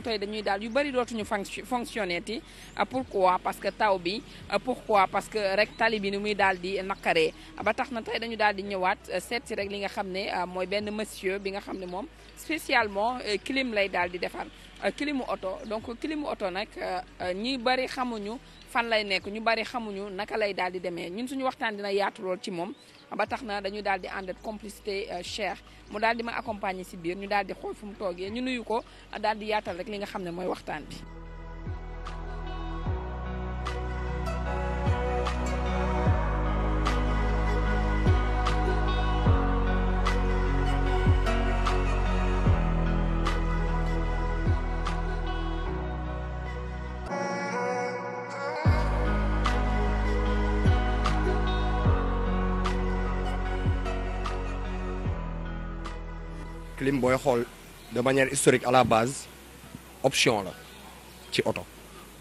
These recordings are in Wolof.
oto dañuy daal yu bëri dootuñu fonctionner ti ah, pourquoi parce que taw bi ah, pourquoi parce que rek tali bi ni muy daal di naqaree ah, ba tax na tey dañu daal di ñëwaat seet rek li nga xam ne mooy benn monsieur bi nga xam ne moom spécialement clim lay daal di defar kilimu oto donc kilimu oto nag ñi bëri xamuñu fan lay nekk ñu bari xamuñu naka lay daal di demee ñun suñu waxtaan dina yaatu lool ci moom ba tax na dañu daal di ànd complicité euh, Cheikh mu daal di ma accompagner si biir ñu daal di xool fu mu toogee ñu nuyu ko daal di yaatal rek li nga xam ne mooy waxtaan bi booy xool de manière historique à la base option la ci oto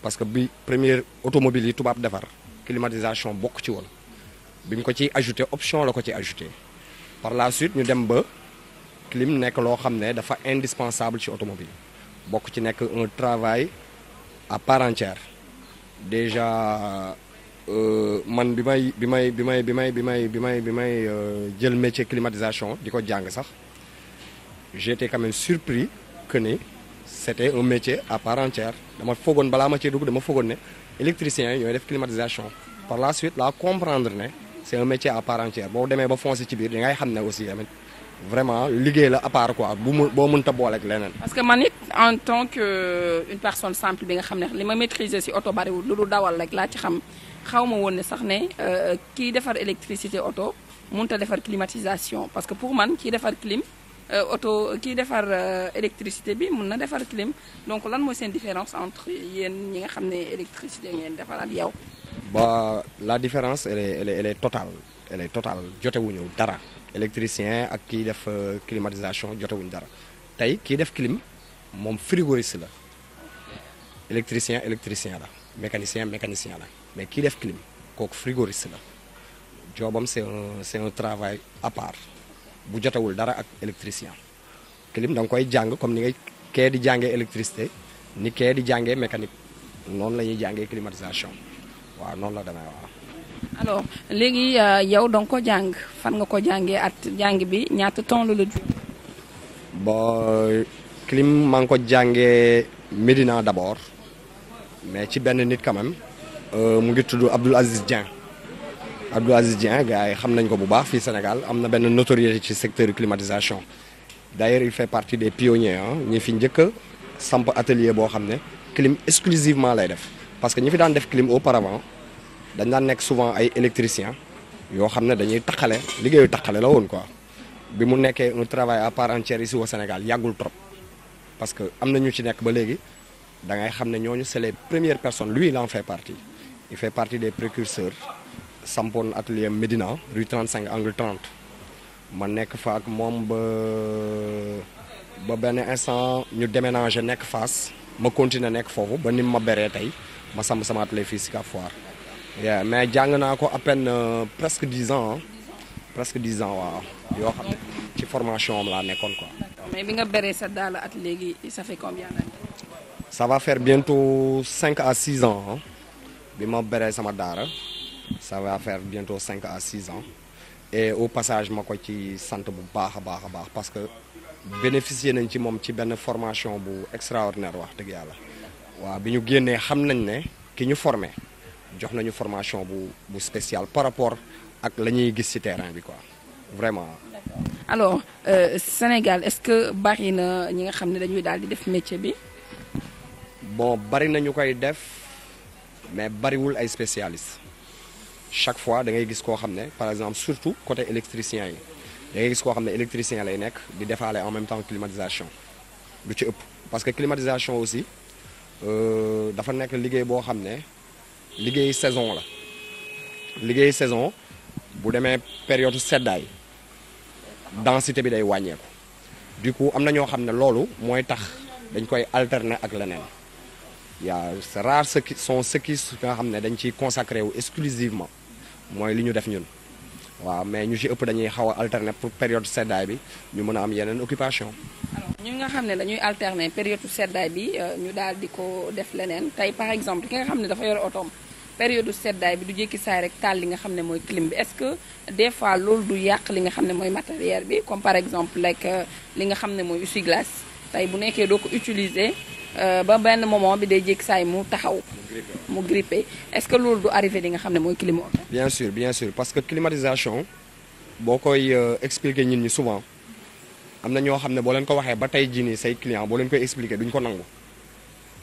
parce que bi première automobile yi tubaab defar climatisation bokk ci woon bi ñu ko ciy ajouté option la ko ci ajouté par la suite ñu dem ba clim nekk loo xam ne dafa indispensable ci automobile bokk ci nekk un travail à part entière déjà euh, man bi may bi may bi may bi may bi may bi may bi may euh, jël métier climatisation di ko jàng sax j'étais quand même surpris que ni c'était un métier à part entière dama foogoon balaa ma cee dugg dama foogoon ne électricien yi ñooy def climatisation par la suite laa comprendre ne c'est un métier à part entière boo demee ba foncé ci biir da ngay xam ne aussi tamit vraiment liggéey la à part quoi bu mu boo mënta boole ak leneen. parce que man it en tant que euh, une personne simple bi nga xam ne li ma maîtriser ci oto bariwul lu dul dawal rek laa ci xam xaw ma woon ne sax ne euh, kiy defar électricité oto mënut a defar climatisation parce que pour man kiy defar clim. oto euh, kii defar euh, électricité bi mun na defar clim donc lan mooy seen différence entre yéen ñi nga xam ne électricité ngeen defar ak yow. ba la différence elle est elle est elle dara électricien ak kiy def euh, climatisation jotewuñu dara tey kiy def clim moom frigoriste la électricien électricien la mécanicien mécanicien la mais kii def clim kooku frigoriste la joobam c'est un c'est un travail à part. bu jotewul dara ak électricien clim da nga koy jàng comme ni ngay kee di jàngee électricité ni kee di jàngee mécanique noonu la ñuy jàngee climatisation waaw noonu la demee waaw. alors léegi euh, yow da nga ko jàng fan nga ko jàngee at jàng bi ñaata temps la la ju bon maa ngi ko jàngee Médina d'abord mais ci benn nit quand même euh, mu ngi tudd Abdoul Aziz Dieng. Abdou Aziz dien gars yi xam nañ ko bu baax fii Sénégal am na benn notoriété ci secteur climatisation d'ailleurs il fait partie des pionniers ah ñi fi njëkk samp atelier boo xam ne clim exclusivement lay def parce que ñi fi daan def clim auparavant dañ daan nekk souvent ay électriciens yoo xam ne dañuy taqale liggéeyu taqale la woon quoi bi mu nekkee un travail à part entière ici Sénégal yàggul trop parce que am na ñu ci nekk ba léegi da ngay xam ne ñooñu c'est les premières personnes lui il en fait partie il fait partie des précurseurs sampoon atelier Médina rue cinq angle 30 ma nekk fa ak moom ba ba benn instant ñu déménager nekk Fass ma continuer nekk foofu ba ni ma beree tey ma samp sama atelier fii si Cap Foire mais jàng naa ko à euh, presque dix ans presque dix ans waaw yoo xam ne ci formation am laa nekkoon quoi. mais bi nga beree sa daal at léegi ça fait combien cinq à six ans bi ma beree sama daara. ça va faire bientôt cinq à six ans et au passage ma ko ci sant bu baax a baax a baax parce que bénéficier nañ ci moom ci benn formation bu extraordinaire wax dëgg yàlla waaw bi ñu génnee xam nañ ne ki ñu formé jox nañu formation bu bu spéciale par rapport ak la ñuy gis ci terrain bi quoi vraiment. alors euh, Sénégal est-ce que bari na ñi nga xam ne dañuy daal di def métier bi. bon bari na ñu koy def mais bariwul ay spécialiste chaque fois da ngay gis koo xam ne par exemple surtout côté électricien yi da ngay gis koo xam ne électricien lay nekk di defaale en même temps climatisation du ci ëpp parce que climatisation aussi euh, dafa nekk liggéey boo xam ne liggéey saison la liggéey saison bu demee période seddaay densité bi day wàññeeku du coup am na ñoo xam ne loolu mooy tax dañ koy alterner ak leneen yaa c'est rare ceux son sont ceux nga xam ne dañ ciy consacré wu exclusivement mooy lu ñu def ñun waaw mais ñu ci ëpp dañuy xaw a alterner pour période seddaay bi ñu mën a am yeneen occupation. alors nga xam ne dañuy alterner période seddaay bi euh, ñu daal di ko def leneen tey par exemple ki nga xam ne dafa yor otoom période seddaay bi du jékki saay rek taal li nga xam ne mooy clim bi est-ce que des fois loolu du yàq li nga xam ne mooy matériel bi comme par exemple like euh, li nga xam ne mooy essuie-glace tey bu nekkee doo ko utiliser. Euh, ba benn moment bi day jékki saay mu taxaw. mu grippé est-ce que loolu du arrivé li nga xam ne mooy climat. bien sûr bien sûr parce que climatisation boo koy euh, expliquer ñun ñi souvent am na ñoo xam ne boo leen ko waxee ba tey jii nii say client boo leen koy expliquer duñ ko nangu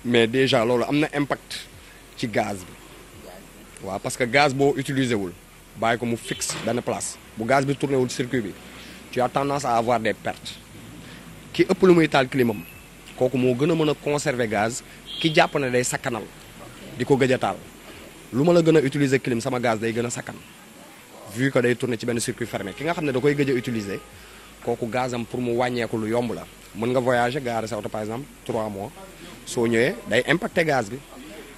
mais déjà loolu am na impact ci gaz bi. waaw parce que gaz boo utilisé wul bàyyi ko mu fixe benn place bu gaz bi tourné wul circuit bi tu as tendance à avoir des perte ki ëpp lu muy taal climam. kooku moo gën a mën a conserver gaz ki jàpp na day sakkanal di ko gëj a taal lu ma la gën a utiliser clim sama gaz day gën a sakkan vu que day tourner ci benn circuit fermé ki nga xam ne da koy gëj a utiliser kooku gazam pour mu wàññeeku lu yomb la mën nga voyager gaare sa oto par exemple trois mois soo ñëwee day impacte gaz bi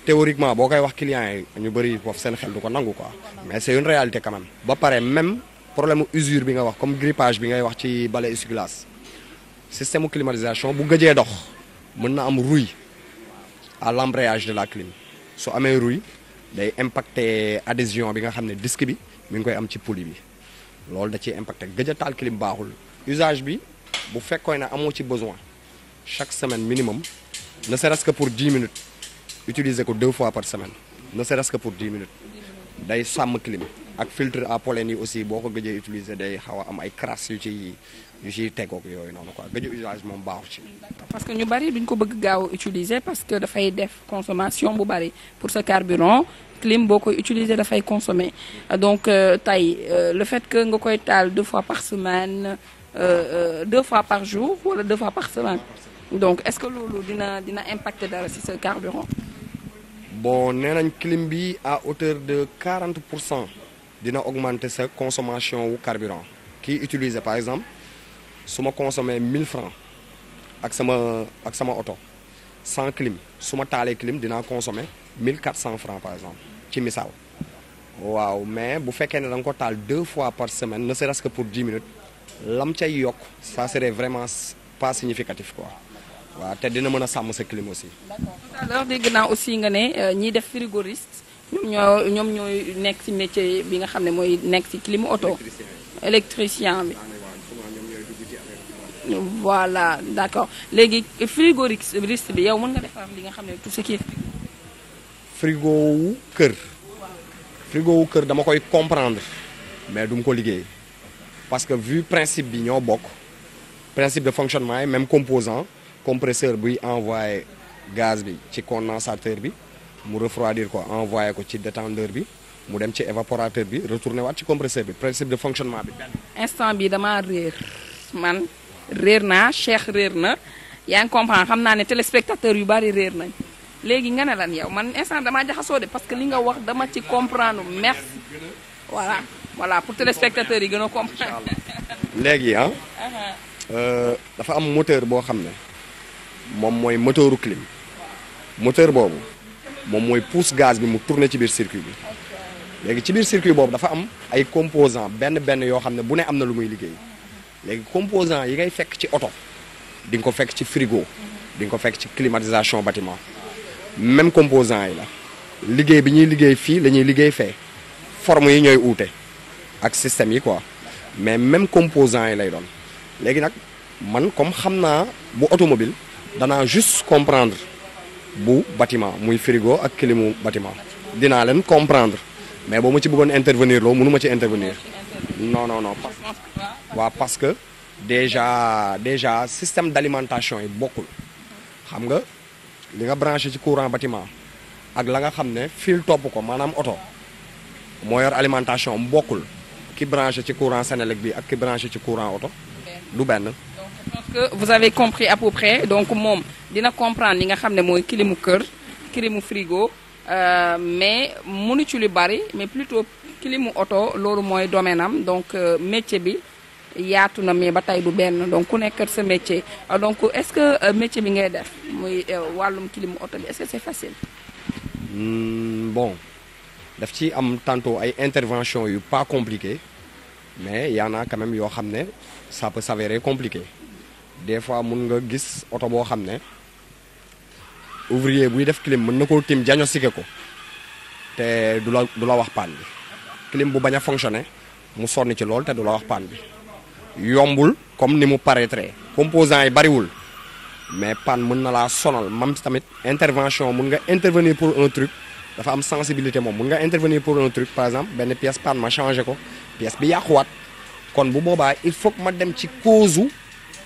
théoriquement boo koy wax clients yi ñu bëri foofu seen xel du ko nangu ko mais c'est une réalité quand ba pare même problème usure bi nga wax comme grippage bi ngay wax ci balai essuie système climatisation bu gëjee dox mën na am rouille à l'embrayage de la clim su amee rouille day impacte adhésion bi nga xam ne disque bi mi ngi koy am ci poli bi loolu da ciy impacte gëj a taal clim baaxul usage bi bu fekkoon ne amoo ci besoin chaque semaine minimum ne serait-ce que pour dix minutes utiliser ko deux fois par semaine ne serait-ce que pour dix minutes day sàmm clim ak filtre à pollen yi aussi boo ko gëjee utiliser day xaw a am ay crasse yu ci yu siy tegoog yooyu noonu quoi gëju usage moom baaxu si. parce que ñu bari duñ ko bëgg gaaw a parce que dafay def consommation bu bari pour sa carburant clim boo koy utiliser dafay consommer donc euh, tey euh, le fait que nga koy taal deux fois par semaine euh, deux fois par jour wala deux fois par semaine donc est-ce que loolu dina dina impacter dara si sa carburant. bon nee nañ clim bi à hauteur de 40 pour cent dina augmenter sa consommation wu carburant kii utiliser par exemple. su ma consommé 1000 francs ak sama ak sama oto sans clim su ma taalee clim dinaa consommé cent francs par exemple ci misaal. waaw mais bu fekkee ne da ko taal deux fois par semaine ne serait-ce que pour 10 minutes lam cay yokk sa serait vraiment pas significatif quoi. waaw te dina mën a sàmm sa clim aussi. d'accord tout à l'heure dégg naa aussi nga ne euh, ñiy def frigoriste ñoom ñooy nekk ci métier bi nga xam ne mooy nekk ci clim auto électricien bi. voilà d'accord léegi frigoriste bi yow mën nga defar li nga xam ne tout ce qui est frigo wu kër frigo wu kër dama koy comprendre mais du ma ko liggéey parce que vu principe bi ñoo bokk principe de fonctionnement yi même composant compresseur bi envoyé gaz bi ci condensateur bi mu refroidir ko envoyé ko ci détendeur bi mu dem ci évaporateur bi retourné waat ci compresseur bi principe de fonctionnement bi. instant bi damaa réer man. réer naa Cheikh réer na yaa ngi comprendre xam naa ne téléspectateur yu bari réer nañ léegi nga ne lan yow man instant damaa jaxasoo de parce que li nga wax dama ci comprendre merci voilà voilà pour téléspectateur yi gën a comprendre. léegi ah. Uh-huh. Euh, dafa am moteur boo xam ne moom mooy moteuru clim moteur boobu moom mooy pousse gaz bi mu tourner ci biir circuit bi léegi ci biir circuit boobu dafa am ay composant benn benn yoo xam ne bu ne am na lu muy liggéey. léegi composant yi ngay fekk ci oto di nga ko fekk ci frigo di nga ko fekk ci climatisation bâtiment même composant yi la liggéey bi ñuy liggéey fii la ñuy liggéey fee forme yi ñooy uute ak système yi quoi mais même composant yi lay doon léegi nag man comme xam naa bu automobile danaa juste comprendre bu bâtiment muy frigo ak kilimu bâtiment dinaa leen comprendre mais boo ma ci bëggoon intervenir loo mënu ma ci intervenir non no non parce que waaw parce que déjà déjà système d'alimentation yi bokkul xam nga li nga branché ci courant batiment ak la nga xam ne fil topp ko maanaam oto moo yor alimentation bokkul ki branché ci courant Senelec bi ak ki branché ci courant oto du benn. parce que vous avez compris à peu près donc moom dina comprendre li nga xam ne mooy kili mu kër mu frigo euh, mais mënu ci lu bari mais plutôt. kilimu oto loolu mooy domaine am donc euh, métier bi yaatu na mais ba tey du benn donc ku nekk sa métier euh, donc est-ce que euh, métier bi ngay def muy wàllum kilimu oto bi est-ce que c'est facile. Hmm, bon daf ci am tantôt ay intervention yu pas compliqué mais y naa a yoo xam ne ça peut s'avérer compliqué des fois mun nga gis oto boo xam ne ouvrier buy def clim mën na koo tim diagnostiqué ko te du la du la wax panne bi clim bu bañ a fonctionné mu sonn ci loolu te du la wax panne bi yombul comme ni mu paraître composant yi bariwul mais panne mun na laa sonal mam tamit intervention mun nga intervenir pour un truc dafa am sensibilité moom mun nga intervenir pour un truc par exemple benn pièce panne ma changé ko pièce bi yàquwaat kon bu boobaa il faut ma dem ci cause u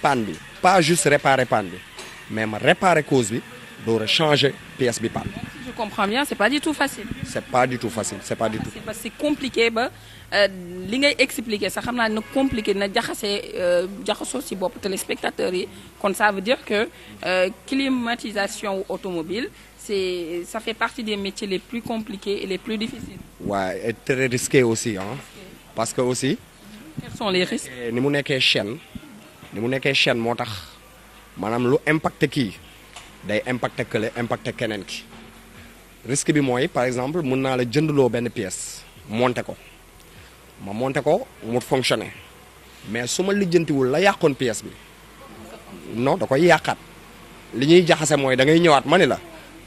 panne bi pas juste réparer panne bi mais ma réparer cause bi door a changer pièce bi panne tu comprends bien c'est pas du tout facile. c'est pas du tout facile c'est pas du tout. parce que c'est compliqué ba euh, li ngay expliquer sax xam naa na compliqué na jaxasee euh, jaxasoo si bopp téléspectateurs yi kon ça veut dire que euh, climatisation wu automobile c'est ça fait partie des métiers les plus compliqués et les plus difficiles. waaw et très risqué aussi ah. parce que aussi. quels sont les risques. ni mu nekkee chaîne ni mu nekkee chaîne moo tax maanaam lu impacté kii day impacté kële impacté keneen ki. risque bi mooy par exemple mun naa la jëndloo benn pièce monter ko ma monter ko mu fonctionner mais su ma lijjantiwul la yàqoon pièce bi non da koy yàqaat li ñuy jaxase mooy da ngay ñëwaat ma ni la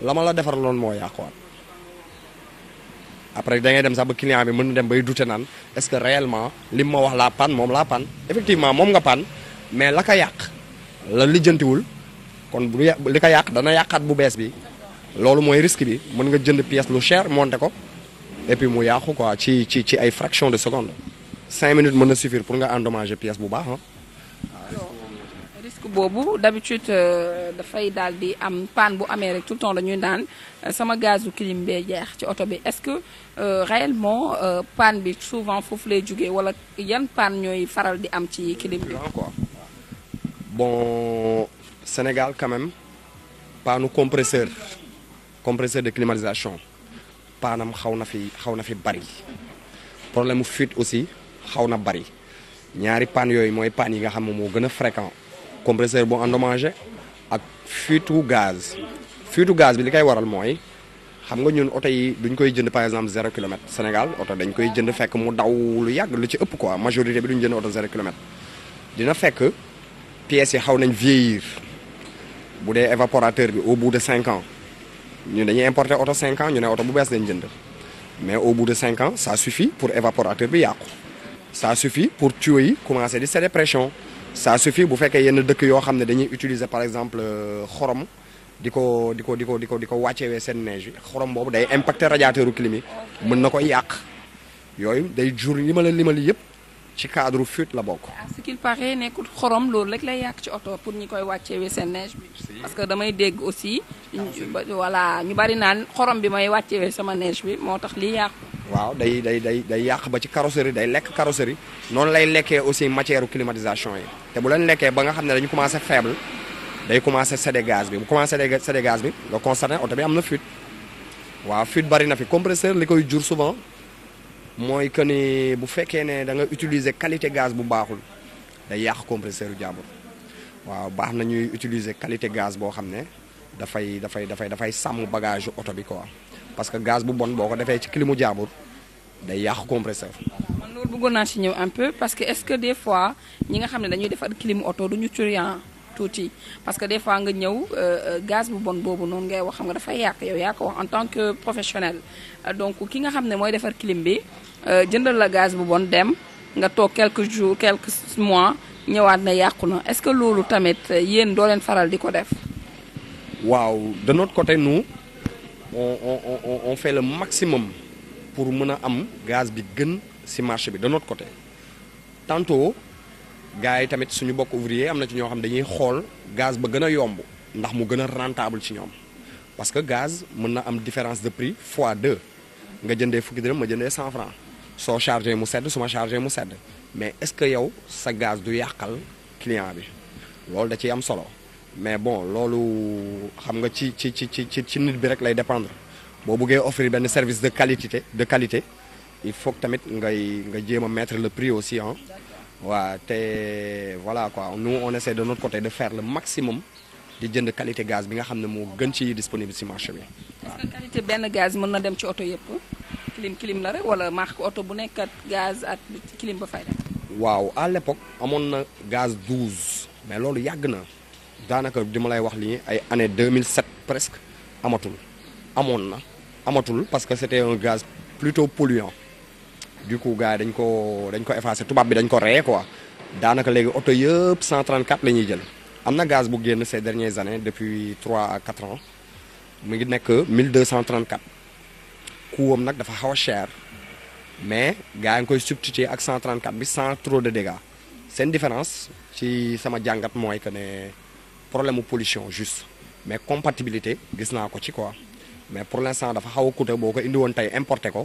la ma la defar loon moo yàquwaat après da ngay dem sax ba client bi mën na dem bay dute naan est-ce que réellement li ma wax laa pan moom laa pan effectivement moom nga pan mais la ka yàq la lijjantiwul kon bu li ka yàq dana yàqaat bu bees bi loolu mooy risque bi mën nga jënd pièce lu cher monter ko et puis mu yàqu quoi ci ci ci ay fraction de seconde cinq minutes mën na suffire pour nga endommager pièce bu baax risque boobu d'habitude euh, dafay daal di am panne bu amee rek tout le temps dañuy daan euh, sama gazu clim bee jeex ci oto bi est-ce que euh, réellement panne bi souvent foofu lay jógee wala yan panne ñooy faral di am ci clim bi quoi bon Sénégal quand même compresseur compresseur de climatisation paanam xaw na fi xaw na fi bari problème mu fuite aussi xaw na bari ñaari paan yooyu mooy paan yi nga xam ne moo gën a fréquent compresseur bu endommagé ak fuite wu gaz fuite wu gaz bi li koy waral mooy xam nga ñun oto yi duñ koy jënd par exemple zéro kilomètre Sénégal oto dañ koy jënd fekk mu daw lu yàgg lu ci ëpp quoi majorité bi duñ jënd oto zéro kilomètre dina fekk pièces yi xaw nañ vieillir bu dee évaporateur bi au bou de cinq ñu dañuy importer oto 5 ans ñu ne oto bu bees dañ jënd mais au bout de 5 ans suffit pour évaporateur bi yàqu. ça suffit pour tuyaux yi commencer di céder pression ça suffit bu fekkee yenn dëkk yoo xam ne dañuy utiliser par exemple euh, xorom di ko di ko di ko di ko di ko wàccewee seen neige xorom boobu day impacter radiateur climat mën na ko yàq yooyu day jur li ma la limal yëpp. ci cadre fuite la bokk. ah ce loolu rek lay yàq oto pour ñi koy wàccewee seen neige bi. parce que damay dégg aussi voilà ñu bari naan xorom bi may wàccewee sama neige bi moo tax lii yàqu. waaw day day day day yàq ba ci carrosserie day lekk carrosserie noonu lay lekkee aussi matière climatisation yi te bu leen lekkee ba nga xam ne dañu commencé faible day commencé sédé gaz bi bu commencé sédé gaz bi nga constaté oto bi am na fuite waaw fuite bari na fi compresseur li koy jur souvent mooy que ni bu fekkee ne da nga utiliser qualité gaz bu baaxul day yàq compresseur yu waaw baax na ñuy utiliser qualité gaz boo xam ne. dafay dafay dafay dafay sàmm bagage oto bi ko quoi parce que gaz bu bon boo ko defee ci kilimu jaabur day yàq compresseur. man loolu buggoon naa si ñëw un peu parce que est-ce que des fois ñi nga xam ne dañuy defar climu oto du ñu turian ah, tuuti parce que des fois nga ñëw euh, euh, gaz bu bon boobu noonu ngay wax xam nga dafay yàq yow yaa ko wax en tant que professionnel euh, donc ki nga xam ne mooy defar clim bi jëndal la gaz bu bon dem nga toog quelques jour quelques mois ñëwaat na yàqu na est-ce que loolu tamit yéen doo leen faral di ko def. waaw de notre côté nous on on on on fait le maximum pour mën a am gaz bi gën ci marché bi de notre côté tantôt gars yi tamit suñu bokk ouvrier am na ci ñoo xam dañuy xool gaz ba gën a yomb ndax mu gën a rentable ci ñoom parce que gaz mën na am différence de prix fois deux nga jëndee fukki dërëm ma jëndee cent franc soo chargé mu sedd su ma mu sedd mais est-ce que yow sa gaz du yàqal client bi loolu da ciy am solo. mais bon loolu xam nga ci ci ci ci ci nit bi rek lay dépendre boo buggee offrir benn service de qualité de qualité il faut que tamit ngay nga jéem a mettre le prix aussi ah waaw te voilà quoi nous on essaie de notre côté de faire le maximum di jënd qualité gaz bi nga xam ne moo gën ci disponible ci marché bi waaw. est qualité benn gaz mën na dem ci oto yëpp clim clim la rek wala marque oto bu nekk ak ak clim ba fay dem. waaw à l'époque amoon na gaz 12 mais loolu yàgg na. daanaka di ma lay wax lii ay année 2007 presque amatul amoon na amatul parce que c'était un gaz plutôt polluant du coup gars yi dañ ko dañ ko effacé tubaab bi dañ ko reye quoi daanaka léegi oto yëpp 134 la ñuy jël am na gaz bu génn ces dernières années depuis 3 à 4 ans mu ngi nekk 1234 kuwam nag dafa xaw a cher mais gars yi ngi koy substituer ak 134 bi cent trop de dégâts seen différence ci sama jàngat mooy que ne problème mu pollution juste mais compatibilité gis naa ko ci quoi mais pour l'instant dafa xaw a boo ko indi woon tey importé ko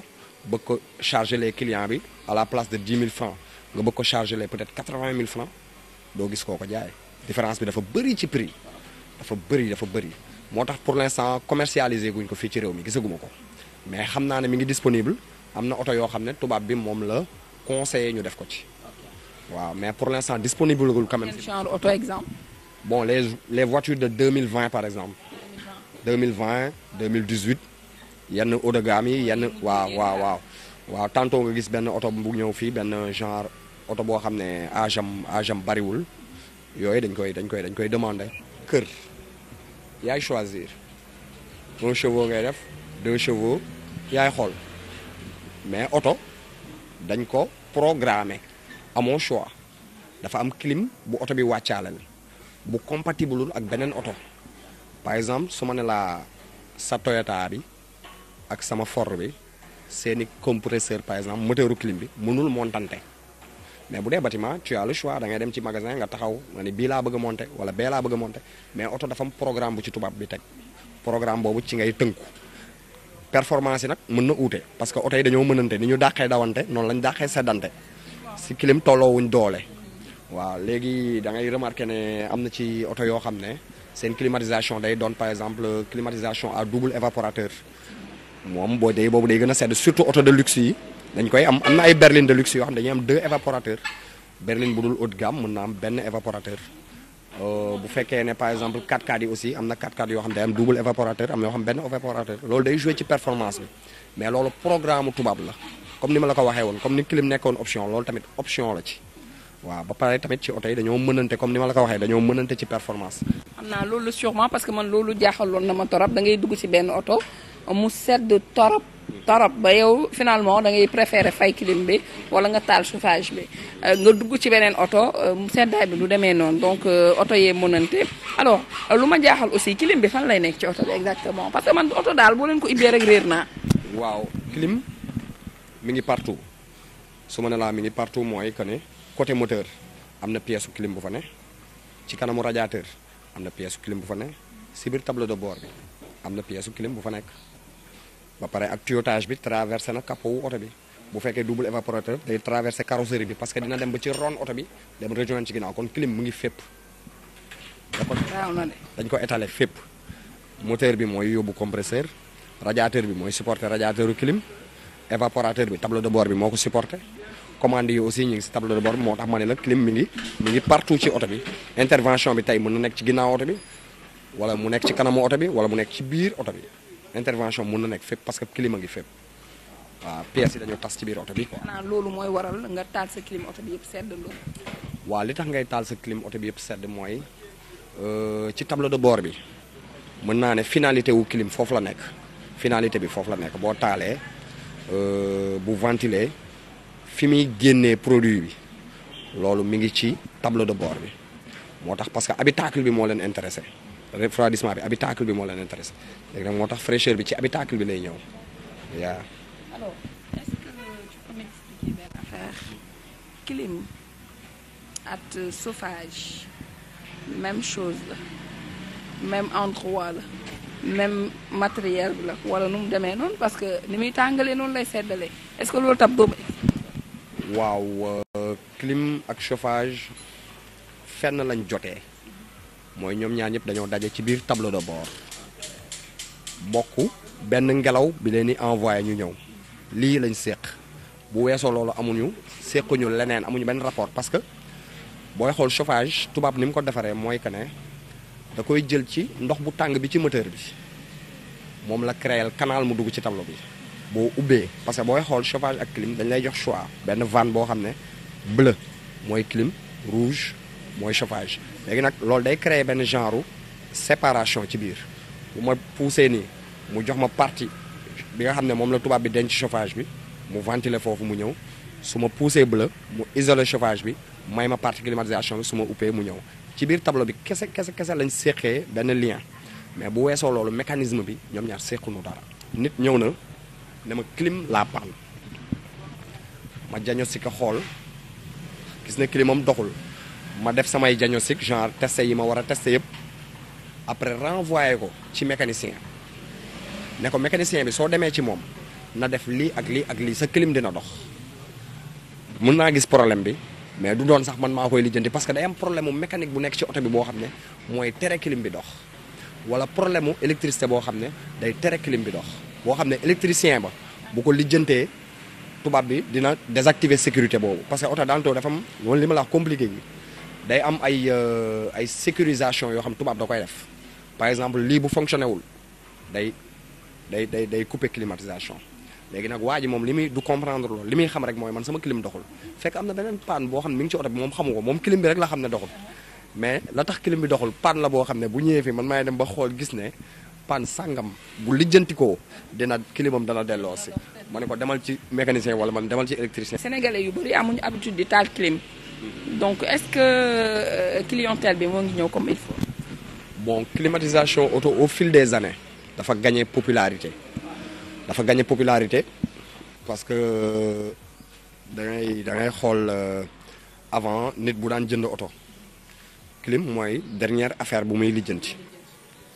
bëgg ko charger les clients bi à la place de 10 000 francs nga bëgg ko charger les peut-être 80 000 francs gis koo ko jaay différence bi dafa bëri ci prix dafa bëri dafa bëri moo tax pour l'instant commercialisé guñ ko fii ci réew mi gisaguma ko mais xam naa ne mi ngi disponible am na oto yoo xam ne tubaab bi moom la conseillé ñu def ko ci waaw mais pour l'instant disponible gul quand même genre auto exemple bon les les voitures de 2020 par exemple 2020 2018 yenn haut de gamme yi yenn waaw waaw waaw waaw tantôt nga gis benn oto bu ñëw fii benn genre oto boo xam ne âge am âge bariwul yooyu dañ koy dañ koy dañ koy demander kër yaay choisir un chevaux ngay def yaay xool mais oto dañ ko programmer amoo choix dafa am kilim bu oto bi wàccaale bu compatible ak beneen oto par exemple su ma ne laa sa Toyota bi ak sama Ford bi seeni compresseur par exemple moteuru clim bi mënul montante mais bu dee bâtiment tu as le ngay dem ci magasin nga taxaw nga ni bii laa bëgg monte monter wala bee laa bëgg a monter mais oto dafa am programme bu ci tubaab bi teg programme boobu ci ngay tënku performance nag mën na uute parce que oto yi dañoo mënante ni ñu dàqee dawante noonu lañu dàqee seddante si clim tolloowuñ doole waaw léegi da ngay remarqué ne am na ci oto yoo xam ne seen climatisation day doon par exemple climatisation à double évaporateur moom boo day boobu day gën a sedd surtout oto de luxe yi dañ koy am am na ay berline de luxe yoo xam ne dañuy am deux évaporateurs berline bu dul haut de gamme mën na am benn évaporateur euh, bu fekkee ne par exemple 4x4 yi aussi am na 4 x yoo xam day am double évaporateur am na yoo xam benn évaporateur loolu day joué la comme ni ma waxee woon comme ni clim nekkoon la ci waaw ba pare tamit ci oto yi dañoo mënante comme ni ma la ko waxee dañoo mënante ci performance. xam naa loolu sûrement parce que man loolu jaaxaloon na ma torop da ngay dugg ci benn oto mu sedd torop torop ba yow finalement da ngay préférer fay kilim bi wala nga taal chauffage bi euh, nga dugg ci beneen oto euh, seddaay bi du demee noonu donc euh, oto yee mënante alors lu ma jaaxal aussi clim bi fan lay nekk ci oto bi exactement parce que man oto daal boo leen ko ubbee rek réer naa. waaw clim ngi partout su ma ne laa mi ngi ne côté moteur am na pièce clim bu fa ne ci kanamu radiateur am na pièce clim bu fa ne si biir tableau de boor bi am na pièce clim bu fa nekk ba pare ak tuyautage bi traversé na capot wu oto bi bu fekkee double évaporateur day traversé carrosserie bi parce que dina dem ba ci ron oto bi dem rejoindre ci ginnaaw kon clim mu ngi fépp. dañ ko étaler fépp moteur bi mooy yóbbu compresseur radiateur bi mooy supporter radiateur clim évaporateur bi tableau de bord bi moo ko supporter. commande yi aussi ñu ngi si tableau de bord moo tax mi ngi mi ngi partout bi intervention bi tey mën nekk ci ginnaaw bi wala mu nekk ci kanamu oto bi wala mu nekk ci biir oto bi intervention mën na nekk fépp parce que clim a ngi fépp waaw pièces dañoo tas ci biir oto bi quoi. loolu mooy waral nga taal sa clim sedd waaw li tax ngay taal sa clim oto bi yëpp sedd mooy euh, ci tableau de bord bi mën naa ne finalité wu clim foofu la nekk finalité bi foofu la nekk boo taalee euh, bu ventilé. fi muy génnee produit bi loolu mi ngi ci tableau de bord bi moo tax parce que habitacle bi moo leen intéressé refroidissement bi habitacle bi moo leen intéressé nag moo tax fraîcheur bi ci habitacle bi lay ñëw yaa alors est-ce que même chose la même endroit la même matériel la wala nu mu demee noonu parce que ni muy tàngalee noonu lay seddalee est-ce que loolu tam boobu waaw euh, clim ak chauffage fenn lañ jotee mooy ñoom ñaar ñëpp dañoo daje ci biir tableau de bord bokk benn ngelaw bi leen di envoyé ñu ñëw lii lañ séq bu weesoo loolu amu amuñu séquñu leneen amuñu benn rapport parce que booy xool chauffage tubaab ni mu ko defaree mooy que ne da koy jël ci ndox bu tàng bi ci moteur bi moom la créer canal mu dugg ci tableau bi boo ubbee parce que booy xool chauffage ak clim dañ lay jox choix benn van boo xam ne bleu mooy clim rouge mooy chauffage léegi nag loolu day créer benn genre séparation ci biir bu ma poussé nii mu jox ma parti bi nga xam ne moom la tubaab bi denc chauffage bi mu ventilé foofu mu ñëw su ma poussé bleu mu isolé chauffage bi may ma parti climatisation bi su ma uppee mu ñëw ci biir tableau bi kese kese kese lañ séqee benn lien mais bu weesoo loolu mécanisme bi ñoom ñaar séqunu dara nit ñëw na ne ma kilim la panne ma diagnostic a xool gis na climam doxul ma def samay diagnostic genre teste yi ma war a testé yëpp après renvoyé ko ci mécanicien ne ko mécanicien bi soo demee ci moom na def lii ak lii ak lii sa kilim dina dox mun naa gis problème bi mais du doon sax man maa koy lijjanti parce que day am problème mu mécanique bu nekk ci oto bi boo xam ne mooy tere clim bi dox wala problème mu électricité boo xam ne day tere clim bi dox boo xam ne électricien ba bu ko lijjantee tubaab bi dina désactiver sécurité boobu parce que oto daanaka dafa am loolu li ma la wax compliqué gi day am ay euh, ay sécurisation yoo xam tubaab da koy def par exemple lii bu fonctionné wul day day day day couper climatisation léegi nag waa ji moom li muy du comprendre loolu li muy xam rek mooy man sama clim doxul fekk am na beneen panne boo xam ne mi ngi ci oto bi moom xamu ko moom clim bi rek la xam ne doxul mais la tax bi doxul panne la boo xam ne ñëwee fi man maay dem ba xool gis ne panne sàngam bu lijjanti ko dina kilimam dana delloo si ma ne ko demal ci mécanicien wala man demal ci électricien. sénégalais yu bëri amuñu habitude di taal clim donc est-ce que euh, clientèle bi moo ngi ñëw comme il faut. bon climatisation auto au fil des années dafa gañe popularité dafa gañe popularité parce que euh, da ngay da ngay xool euh, avant nit bu daan jënd oto clim mooy dernière affaire bu muy lijjanti.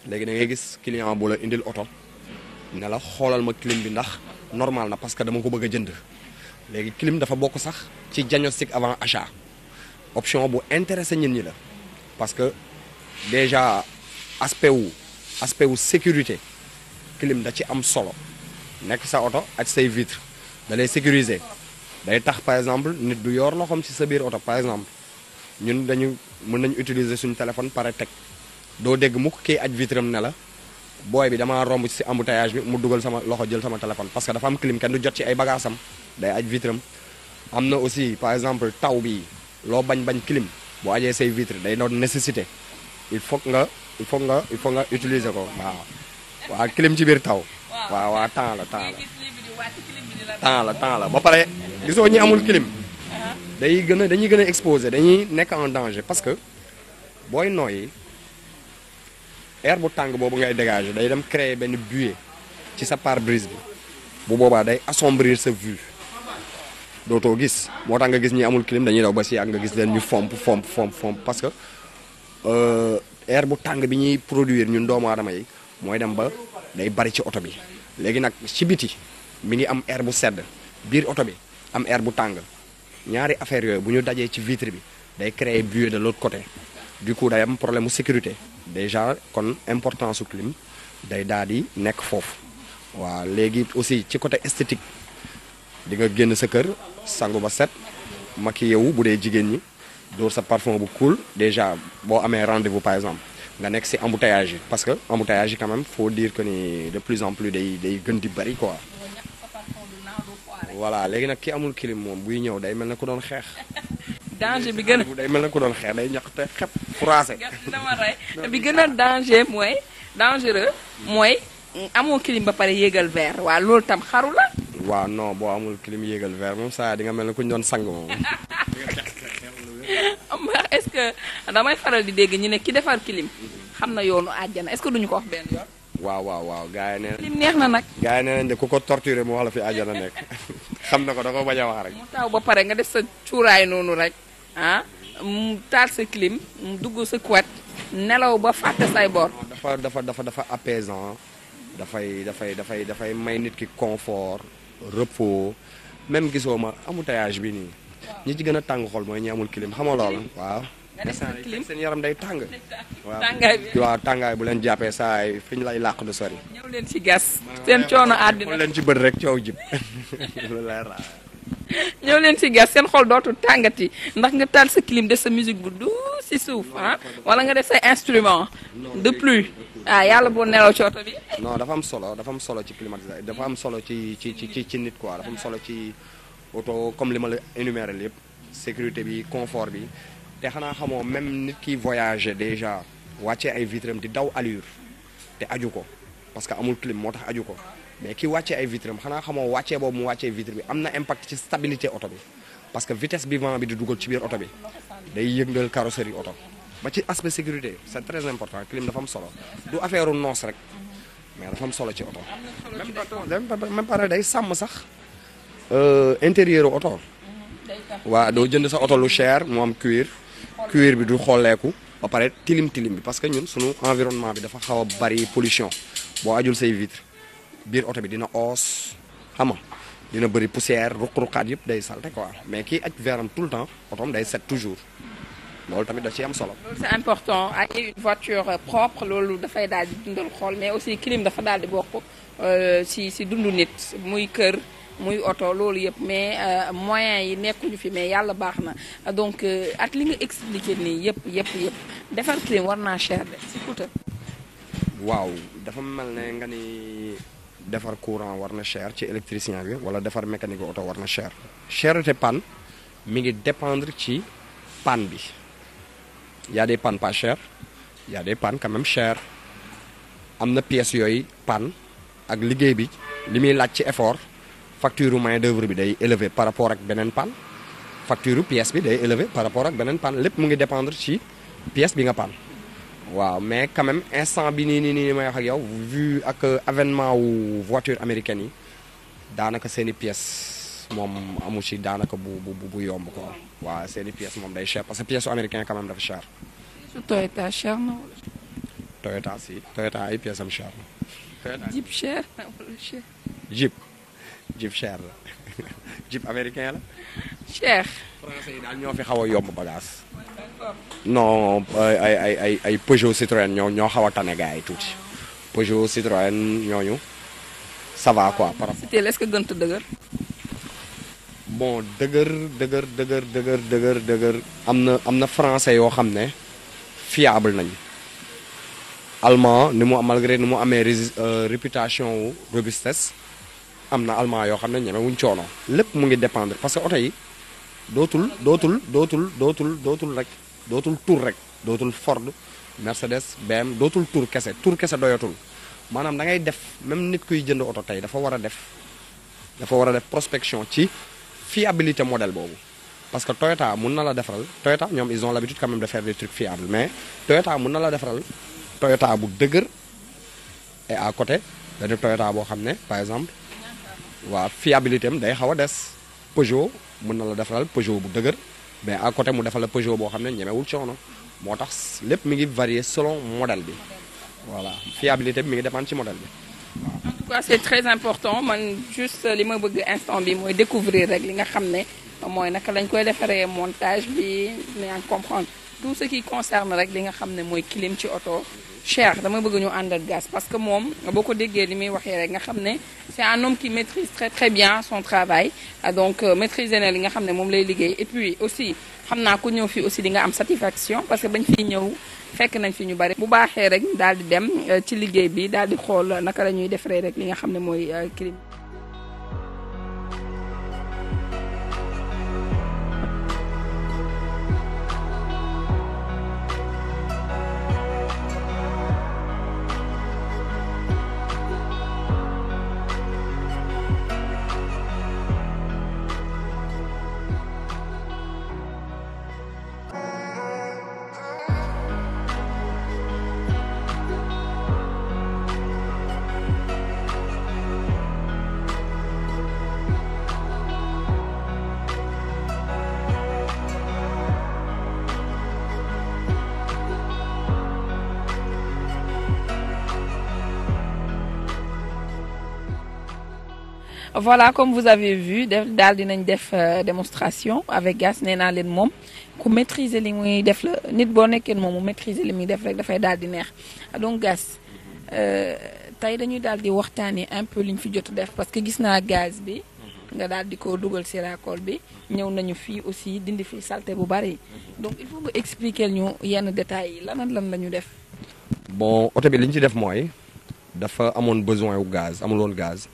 léegi da ngay gis client bu la indil oto ne xoolal ma clim bi ndax normal na parce que dama ko bëgg a jënd léegi clim dafa bokk sax ci diagnostic avant achat option bu intéressé ñin ñi la parce que déjà aspect wu aspect wu sécurité clim da ci am solo nekk sa oto ak say vitre dalay lay sécuriser day tax par exemple nit du yor loxoom si sa biir oto par exemple ñun dañu mën nañu utiliser suñu téléphone pare teg doo dégg mukk kii aj vitram ne la booy bi damaa romb ci embouteillage bi mu dugal sama loxo jël sama téléphone parce que dafa am clim kenn du jot ci ay bagaasam day aj vitram am na aussi par exemple taw bi loo bañ bañ clim boo ajee say vitre day doon nécessité il faut nga il faut nga il faut nga utiliser ko waaw waaw clim ci biir taw waaw waaw temps la temps la temps temps ba pare gisoo ñi amul clim uh-huh. day gën a dañuy gën a exposé dañuy nekk en danger parce que booy nooy air bu tàng boobu ngay dégager day dem créer benn buée ci sa par brise bi bu boobaa day assombrir sa vue dootoo gis moo tax nga gis ñi amul clim dañuy daw ba si ak nga gis leen ñu fomp fomp fomp fomp parce que euh, air bu tàng bi ñuy produire ñun doomu aadama yi mooy dem ba day bari ci oto bi léegi nag ci biti mi ngi am air bu sedd biir oto bi am air bu tàng ñaari affaire yooyu bu ñu dajee ci vitre bi day créer buée de l'autre côté du coup day am problème mu sécurité déjà kon importance su clim day daal di nekk foofu waa léegi aussi ci côté esthétique di nga génn sa kër sangu ba set maquillé yow bu dee jigéen ñi dóor sa parfum bu kuul déjà boo amee rendez-vous par exemple nga nekk si embouteillage yi parce que embouteillage yi quand foo diir dire que ni de plus en plus day day gën di bari quoi voilà léegi nag ki amul clim moom buy ñëw day mel ne ku doon xeex danger bi gën a day mel na ku doon xeex day ñax te xep froissé bi gën a danger mooy dangereux mooy amoo kilim ba pare yéegal verre waa loolu tam xaru la waaw non boo amul clim yéegal ver moom saa di nga mel na ku ñu doon sang moom Omar damay faral di dégg ñu ne ki defar clim xam na yoonu àjjana est-ce que duñu ko wax benn yoon waaw waaw waaw yi neex na nag gars yi nee nañ de ku ko torturé mu wax la fi àjjana nekk xam na ko da ko wax rek mu taw ba def sa noonu ah mu taal sa clim mu dugg sa couette nelaw ba fàtte say bor. dafa dafa dafa dafa dafay dafay dafay dafay may nit ki confort repos même gisoo ma embouteillage bi nii. ñi ci gën a tàng xol mooy ñi amul clim xamoo loolu waaw. seen yaram day tàng. waaw waaw tàngaay bu leen jàppee saay fi ñu lay làq du sori. ñëw leen ci gas. seen coono àddina leen ci bët rek coow jib loolu ñëw leen si gas seen xol dootul tàngati ndax nga taal sa clim de sa musique bu du si suuf ah wala nga def say instrument de plus ah yàlla boo nelaw cooto bi. non dafa am solo dafa am solo ci climatisation dafa am solo ci ci ci ci nit quoi dafa am solo ci oto comme li ma la énuméré lépp sécurité bi confort bi te xanaa xamoo même nit ki voyager déjà wàccee ay vitram di daw allure te aju ko parce que amul clim moo tax aju ko. mais ki wàccee ay vitre am xanaa xamoo wàccee boobu mu wàccee vitre bi am na impact ci stabilité oto bi parce que vitesse bi vent bi di dugal ci biir oto bi day yëngal carrosserie oto ba ci aspect sécurité c'est très important clim dafa am solo du affaire u noos rek mais dafa am solo ci oto même pare day sàmm sax euh, intérieur u oto waaw doo jënd sa oto lu chair moom am cuir bi du xolleeku ba pare tilim tilim bi parce que ñun sunu environnement bi dafa xaw a bari pollution boo ajul say vitre biir oto bi dina oos xam nga dina bëri poussière ruq-ruqaat yëpp day salte quoi mais kii aj veram tout le temps otoom day set toujours loolu tamit da ciy am solo. loolu c'est important ay une voiture euh, propre loolu dafay daal di dundal xool mais aussi kilim dafa daal di bokk euh, si si dundu nit muy kër. muy oto loolu yëpp mais euh, moyens yi nekkuñu fi mais yàlla baax na donc ak li nga expliqué nii yëpp yëpp yëpp defar clim war naa cher de si kuta waaw dafa mel ne nga ni defar courant war na cher ci électricien bi wala defar mécanique auto war na cher cherté panne mi ngi dépendre ci panne bi y a des pannes pas chères y a des pannes quand même chères am na piyes yooyu pan ak liggéey bi li muy laaj ci effort facture main d'œuvre bi day élevé par rapport ak beneen panne facture pièce bi day élevé par rapport ak beneen panne lépp mu ngi dépendre ci pièce bi nga pan waaw mais quand instant bi nii nii nii may wax ak yow vu ak euh, avènement wu voiture américaine yi daanaka seen i pièces moom amu ci daanaka bu bu bu yomb ko waaw seeni i moom day cher parce que pièces américain quand même dafa cher. su Toyota si Toyota ay pièces am cher na. Toyota Jeep cher na la Jeep américain la. cher. français yi daal ñoo fi xaw a yomb bagage. non ay ay ay ay Peugeot ñoo ñoo xaw a tane gars yi tuuti Peugeot Citroën ñooñu ça va quoi. par rapport est-ce que gënt dëgër. bon dëgër dëgër dëgër am na am na français yoo xam ne fiable nañ allemand ni mu malgré ni mu amee euh, réputation wu robustesse am na allemand yoo xam ne ñeme wuñ coono lépp mu ngi dépendre parce que oto yi dootul dootul dootul dootul dootul rek. dootul tour rek dootul Ford Mercedes BM dootul tur kese tour kese doyatul maanaam da ngay def même nit kuy jënd oto tey dafa war a def dafa war a def prospection ci fiabilité model boobu parce que Toyota mun na la defaral Toyota ñoom ils ont l'habitude quand même de faire des trucs fiables mais na la defaral Toyota bu dëgër et à côté benn Toyota boo xam ne par exemple waa fiabilité am day xaw a des Peugeot mun na la defaral Peugeot bu dëgër mais à côté mu defal la Peugeot boo xam ne ñemewul coono moo tax lépp mi ngi varier selon modèle bi voilà fiabilité bi mi ngi dépendre ci modèle bi waaw. en tout cas c'est très man euh, li ma bëgg instant bi mooy découvrir rek li nga xam ne mooy naka lañ koy defaree montage bi mais en comprendre tout ce qui concerne rek li nga xam ne mooy clim ci oto. Cheikh dama bëgg ñu ànd ak gaz parce que moom boo ko déggee li muy waxee rek nga xam ne c'est un homme qui maîtrise très très bien son travail euh, donc euh, maîtriser na li nga xam ne moom lay liggéey et puis aussi xam naa ko ñëw fii aussi di nga am satisfaction parce que bañ fiy ñëw fekk nañ fi ñu bari. bu baaxee rek daal di dem euh, ci liggéey bi daal di xool naka lañuy defaree rek li nga xam ne mooy crime. voilà comme vous avez vu def daal dinañ def euh, démonstration avec gaz nee naa leen moom ku maîtriser li muy def la nit boo nekkee moom mu maîtriser li muy def rek dafay daal di neex donc gaz euh, tey dañuy daal di waxtaanee un peu li ñu fi jot def parce que gis naa gaz bi. nga daal di ko dugal ci récolte bi ñëw nañu fii aussi dindi fi salte bu bari donc il faut nga expliquer ñu yenn détails yi lan lan la ñu def. bon oto bi li ñu ci def mooy dafa amoon besoin wu gaz amuloon gaz.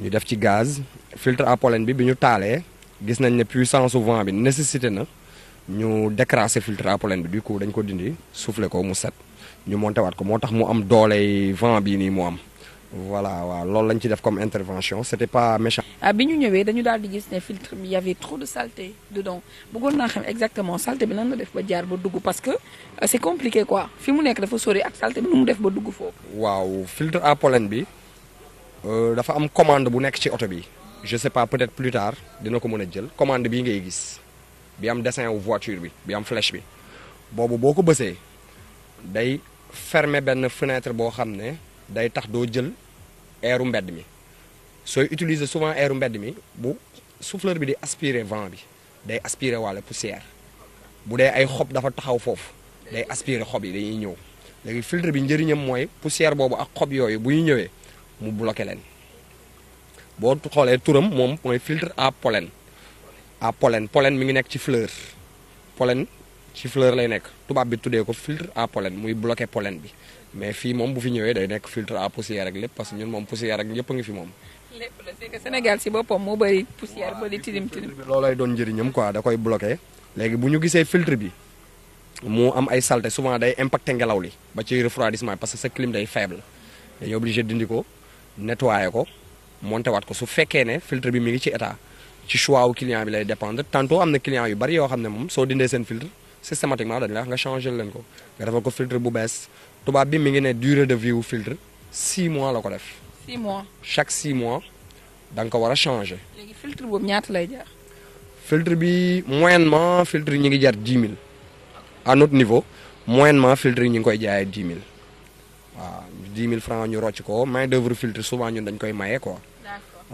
ñu def ci gaz filtre à pollen bi bi ñu taalee gis nañ ne puissance vent bi nécessité na ñu décrasser filtre à pollen bi du coup dañ ko dindi soufflé ko mu set ñu monté waat ko moo tax mu am dooley vent bii nii mu am voilà waa loolu lañ ci def comme intervention c'était pas méchant. ah bi ñu ñëwee dañu daal di gis ne filtre bi y avait trop de saleté dedans bëggoon naa xam exactement saleté bi nan na def ba jaar ba dugg parce que euh, c'est compliqué quoi fi mu nekk dafa sori ak saleté bi nu mu def ba dugg foofu. waaw filtre à pollen bi. Euh, dafa am commande bu nekk ci oto bi je sais pas peut-être plus tard dina ko mën a jël commande bii ngay gis bi am dessin wu voiture bi bi am flèche bi boobu boo ko bësee day fermer benn fenêtre boo xam ne day tax doo jël airu mbedd mi sooy utiliser souvent airu mbedd mi bu souffleur bi di aspirer vent bi day aspirer walla poussière bu dee ay xob dafa taxaw foofu day aspirer xob yi dañuy ñëw léegi filtre bi njëriñam mooy poussière boobu ak xob yooyu bu ñu ñëwee mu bloqué leen boo xoolee turam moom mooy filtre à pollen à pollen pollen mi ngi nekk ci fleur pollen ci fleur lay nekk tubaab bi tuddee ko filtre à pollen muy bloqué pollen bi mais fii moom bu fi ñëwee day nekk filtre à poussière ak lépp parce que ñun moom poussière rek yëpp a ngi fi moom. lépp Sénégal si boppam moo ba di loolay doon njëriñam quoi da koy bloqué léegi bu ñu gisee filtre bi mu am ay saleté souvent day impacte ngelaw li ba ci refroidissement parce que sa clim day faible dañuy obligé dindi ko. nettoyé ko monté waat ko su fekkee ne filtre bi mi ngi ci état ci choix wu client bi lay dépendre tantôt am na client yu bari yoo xam ne moom soo dindee seen filtre systématiquement dañ la wax nga changé leen ko nga ko filtre bu bees tubaab bi mi ngi ne durée de vie wu filtre 6 mois la ko def. mois chaque 6 mois da nga ko war a changé. léegi filtre boobu ñaata lay filtre bi moyennement filtre yi ñu ngi jar 10 000 à notre niveau filtre yi ñu ngi koy jaayee 10 000 dix mille francs ñu rocc ko main d'œuvre filtre souvent ñun dañ koy maye ko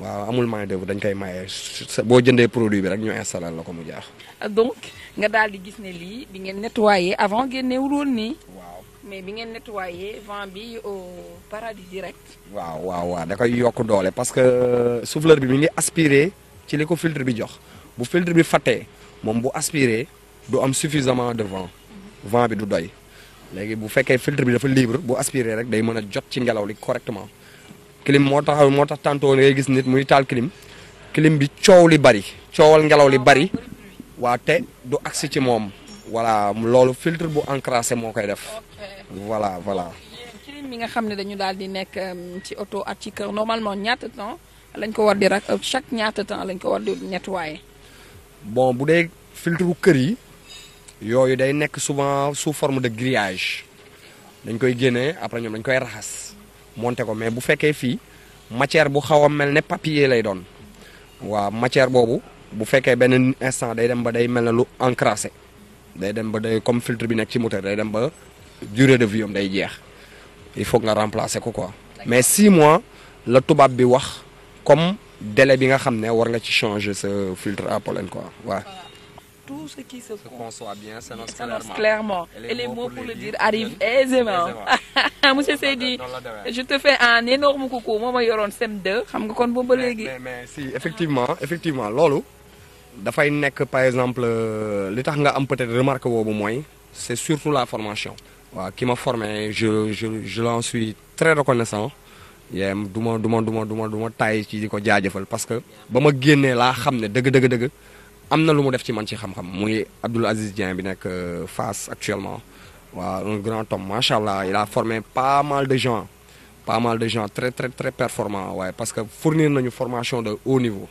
waaw amul main d'œuvre dañ koy maye boo jëndee produit bi rek ñu installé la ko mu jaax donc nga daal di gis ne lii bi ngeen nettoyé avant génnewul woon nii. waaw mais bi ngeen nettoyé vent bi au paradis rek waaw waaw waaw da koy yokk doole parce que souffleur euh, bi mi ngi aspiré ci li ko filtre bi jox bu filtre bi fattee moom bu aspiré du am suffisamment de vent mhm. vent bi du doy. léegi bu fekkee filtre bi dafa libre bu aspiré rek day mën a jot ci ngelaw li correctement kilim moo tax moo tax tantôt ngay gis nit muy taal clim kilim bi coow li bari coowal ngelaw li bari waate du agsi ci moom voilà loolu filtre bu encrassé moo koy def voilà voilà. mi nga xam ne dañu daal di nekk um, ci oto ak ci kër normalement ñaata temps lañ ko war di rak chaque ñaata temps lañ ko war di nettoyer. bon bu dee filtre kër yi. yooyu day nekk souvent sous forme de grillage dañ koy génnee après ñoom dañ koy raxas monter ko mais bu fekkee fii matière bu xaw a mel ne papier lay doon waaw matière boobu bu fekkee benn instant day dem ba day mel na lu encrassé day dem ba day comme filtre bi nekk ci moteur day dem ba durée de vie am day jeex il faut nga remplacer ko quoi. mais six mois la tubaab bi wax comme délai bi nga xam ne war nga ci changer sa filtre à pollen quoi waa tout ce qui se, se conçoit bien s'annonce clairement. clairement. Et, les et mots, pour, le dire arrivent aisément. monsieur Seydi je te fais un énorme coucou moo ma yoroon CM2 xam nga kon boobu ba léegi. mais mais si ah. effectivement loolu. dafay nekk par exemple euh, li tax nga am peut-être remarque woobu mooy c'est surtout la formation. waaw ki ma formé je je je l'en suis très reconnaissant. yem du ma du ma du ma du ma du ma taay ci di ko jaajëfal parce que ba ma génnee laa xam ne dëgg dëgg dëgg. am na lu mu def ci man ci xam-xam muy Abdoul Aziz Dieng bi nekk euh, Fass actuellement waaw un grand homme macha allah il a formé pas mal de gens pas mal de gens très très performants parce que fournir nañu formation de haut niveau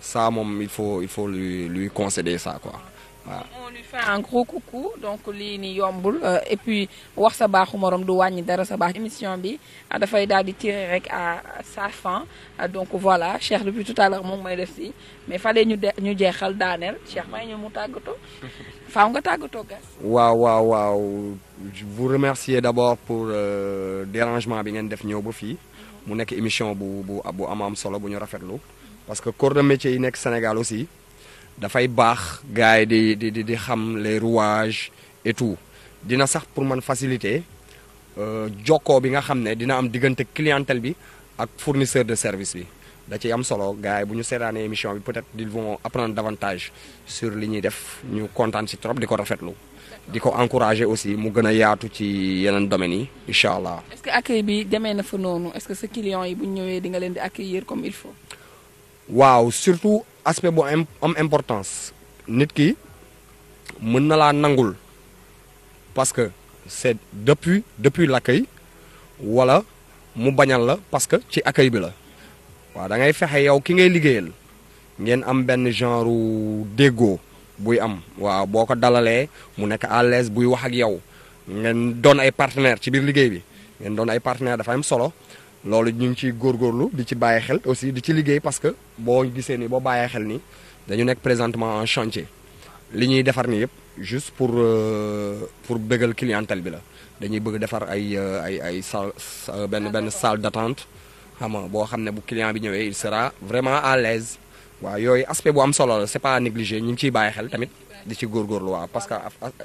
ça moom il faut il faut lui lui concéder ça waaw on lui fait coucou donc lii ni yombul euh, et puis wax sa baaxu morom du wàññi dara sa baax émission bi ah, dafay daal di tirer rek à sa fin ah, donc voilà Cheikh depuis tout à l'heure moom may def si mais fallait ñu de ñu jeexal daaneel Cheikh may ñu mu tàggatoo faaw nga tàggatoo gas waaw waaw waaw vous remercier d'abord pour euh, dérangement bi ngeen def ñëw ba fii mhm. mu nekk émission bu bu bu am am solo bu ñu rafetlu parce que corps de métier yi nekk Sénégal aussi dafay baax gars yi di di di di xam les rouages et tout dina sax pour man faciliter euh, jokkoo bi nga xam ne dina am diggante clientèle bi ak fournisseur de service bi da ciy am solo gars yi bu ñu seetaanee émission bi peut-être di vont apprendre davantage sur li ñuy def ñu kontaan si trop di ko rafetlu di ko encourager aussi mu gën a yaatu ci yeneen domaines yi incha allah. est que accueil bi demee na fa noonu est que sa clients yi bu ñu ñëwee di nga leen di accueillir comme il faut. waaw surtout. aspect bu am importance nit ki mën na laa nangul parce que c'est depuis depuis l'accueil wala mu bañal la parce que ci accueil bi la waaw da ngay fexe yow ki ngay liggéeyal ngeen am benn genre déggoo buy am waaw boo ko dalalee mu nekk à l'aise buy wax ak yow ngeen doon ay partenaire ci biir liggéey bi ngeen doon ay partenaire dafa am solo loolu ñu ngi ciy góorgóorlu di ci bàyyi xel aussi di ci liggéey parce que boo gisee ni boo bàyyee xel ni dañu nekk présentement en chantier li ñuy defar ni yëpp juste pour euh, pour bëggal clientèle bi la dañuy bëgg defar ay euh, ay ay salle euh, benn benn salle d'attente xam nga boo xam ne bu client bi ñëwee il sera vraiment à l'aise waaw yooyu aspect bu am solo la c'est pas négligé ñu ngi ciy bàyyi xel tamit di ci góorgóorlu waaw parce que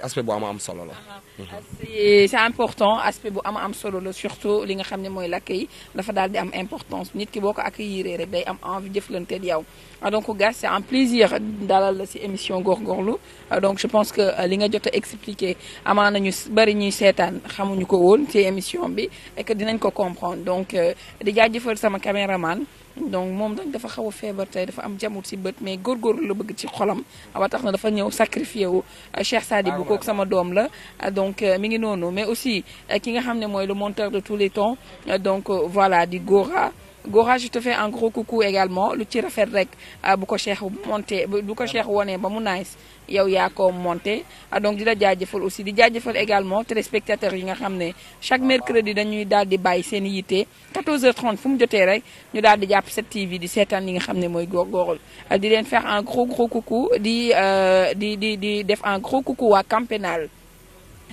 aspect bu am am solo la. Mhm. c'est important aspect bu am am solo la surtout li nga xam ne mooy lakk yi dafa daal di am importance nit ki boo ko accueillir rek day am envie jëflante ak yow ah, donc gars c'est un plaisir dalal la ci émission góorgóorlu ah, donc je pense que euh, li nga jot a expliquer amaana ñu bari ñuy seetaan xamuñu ko woon ci émission bi et que dinañ ko comprendre donc euh, di jëfal sama caméraman. donc moom nag dafa xaw feebar tey dafa am jamut si bët mais góorgóorlu la bëgg ci xolam ba tax na dafa ñëw sacrifié wu Cheikh Sadibou ah, kooku sama doom la donc euh, mi ngi noonu mais aussi euh, ki nga xam ne mooy le monteur de tous les temps euh, donc voilà di Gora Gora je te fais un gros coucou également lu ci rafet rek ah, bu ko Cheikh monté bu ko Cheikh wonee ba mu nice yow yaa ko monté ah, donc di la jaajëfal aussi di jaajëfal également téléspectateurs yi nga xam ne chaque mercredi dañuy daal di bàyyi seen yitte 14h30 fu mu jotee rek ñu daal di jàpp 7TV di seetaan li nga xam ne mooy góorgóorlu ah, di leen faire un gros gros coucou di euh, di di di def un gros coucou waa Camp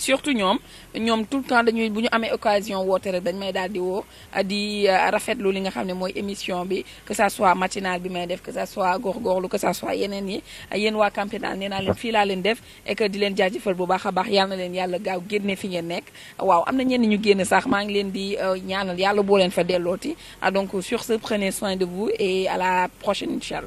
surtout ñoom ñoom tout le temps dañuy bu ñu amee occasion woote rek dañ may daal di woo di euh, rafetlu li nga xam ne mooy émission bi que ça soit matinale bi may def que ça soit góorgóorlu que ça soit yeneen yi yéen waa Camp Pénal nee naa leen fii laa leen def et di leen jaajëfal bu baax a baax yal na leen yàlla gaaw génne fi ngeen nekk waaw am na ñenn ñu génn sax maa ngi leen di euh, ñaanal yàlla boo leen fa dellooti ah, donc sur ce prenez soin de vous et à la prochaine incha